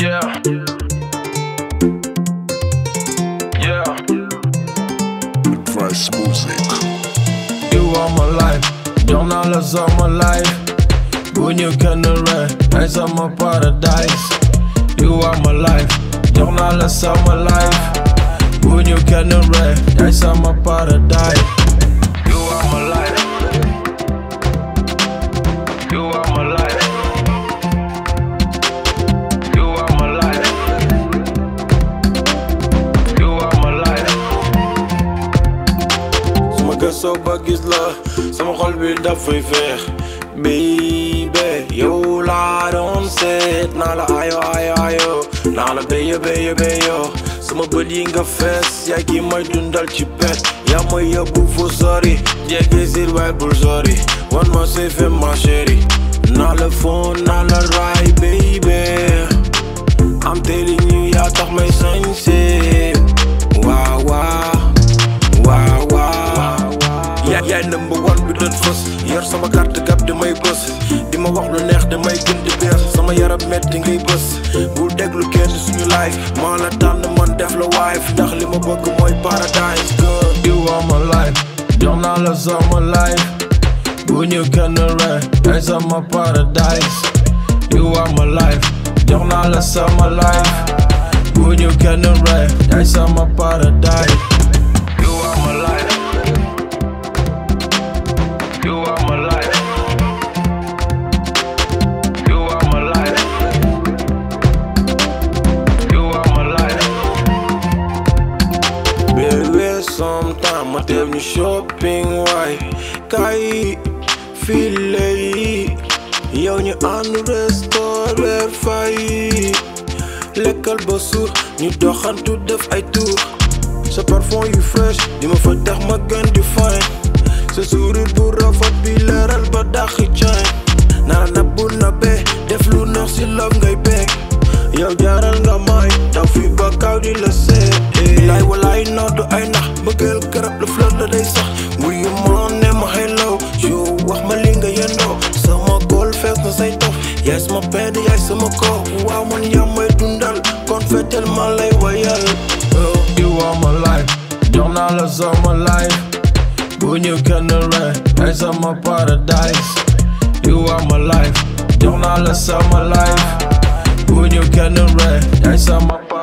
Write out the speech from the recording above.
Yeah. Yeah. music. You are my life. Don't I all my life? When you can rent, it's on my paradise. You are my life. Don't I lose all my life? When you can rent, it's on my paradise. gis la sama xol bi dafay feex baby yow laa doon seet naa la ayo ayo ayo naa la béyo béyo béyo sama bët yi nga fees yaa ki may dundal ci pet yaa may yóbbu fu sori jege sir waay bul sori wan ma safe ma chérie naa la phone naa la ride number one bi doot fës yor sama carte gab damay bës di ma wax lu neex damay gën di bees sama yaram metti ngay bës bul déglu kenn suñu live maa la tànn man def la wife ndax li ma bëgg mooy paradise girl you are my life jox naa la sama life bu ñu kenn rey ay sama paradise you are my life jox naa la sama life bu ñu kenn rey ay sama Ma t'es venu shopping why? kaay file yi yow ñu àndu restaurer fay L'école, ba ni ñu tout, def ay tout Ce parfum you fresh di ma ma gun di fine sa sourire bu rafet ba daxi nara na nabé na def lu si love ngay beeg Yo, nga may taw fi ba di la seet laay walaay do ay nax ma ko waaw man yaa may dundal kon fetel ma lay wayal oh, you are my life jox naa la sama life bu ñu kenn rey ay sama paradise you are my life jox naa la sama life bu ñu kenn rey ay sama